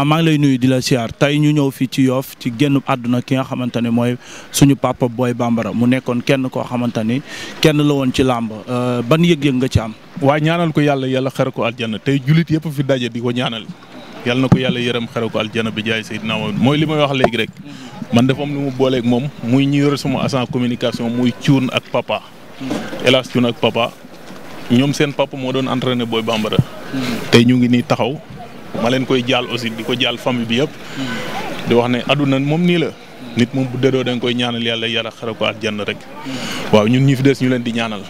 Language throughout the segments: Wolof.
Moustapha maa ngi lay nuyu di la siyaar tey ñu ñëw fii ci yoof ci genn àdduna ki nga xamante ne mooy suñu papa Boy Bambara mu nekkoon kenn koo xamante ni kenn la woon ci làmb euh, ban yëg-yëg nga ci am. waaye ñaanal ko yàlla yàlla xare ko aljanna tey julit yëpp fi daje di ko ñaanal yàlla na ko yàlla yërëm xare ko aljanna bi jaay Seydina Muhammad mooy li may wax léegi rek. man dafa am lu mu booleeg moom muy ñu yore sama agent communication muy cuun ak papa. hélas hmm. cuun ak papa ñoom seen papa moo doon entraîné Boy Bambara. Hmm. ma leen koy jaal aussi di ko jaal famille bi yëpp. di wax ne aduna moom nii la. nit moom bu dédoo da nga koy ñaanal yàlla yàlla xare ko aljanna rek. waaw ñun ñi fi des ñu leen di ñaanal.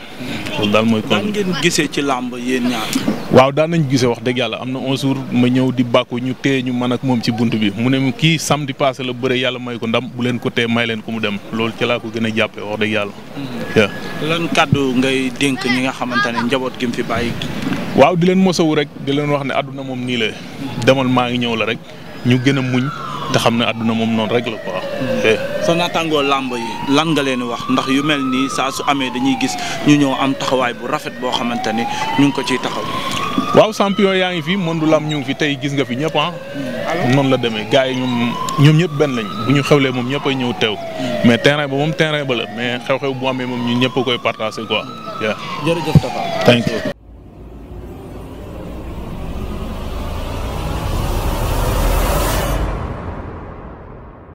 loolu daal mooy. kon ngeen gisee ci làmb yéen ñaar. waaw daan nañ gise wax dëgg yàlla am na un jour ma ñëw di bàkku ñu tee ñu man ak moom ci bunt bi mu ne mu kii sam di passé la bëre yàlla may ko ndam bu leen ko téye may leen ko mu dem loolu ci laa ko gën a jàppe wax dëgg yàlla. Mm-hmm. lan kàddu ngay ñi nga xamante ne njaboot gi mu fi bàyyi. waaw di leen mosawu rek di leen wax ne àdduna moom nii la demal maa ngi ñëw la rek ñu gën a muñ te xam ne àdduna moom noonu rek la quoi. Eh. sa naataangoo làmb yi lan nga leen wax ndax yu mel nii saa su amee dañuy gis ñu ñëw am taxawaay bu rafet boo xamante ni ñu ngi ko ciy taxaw. waaw champion yaa ngi fi monde lamb ñu ngi fi tey gis nga fi ñëpp ah. noonu la demee gars yi ñoom ñoom ñëpp benn lañ bu ñu xewlee moom ñëpp ay ñëw teew. Hmm. mais terrain ba moom terrain ba la mais xew-xew bu amee moom ñun koy partagé quoi. jërëjëf Tapha. thank you.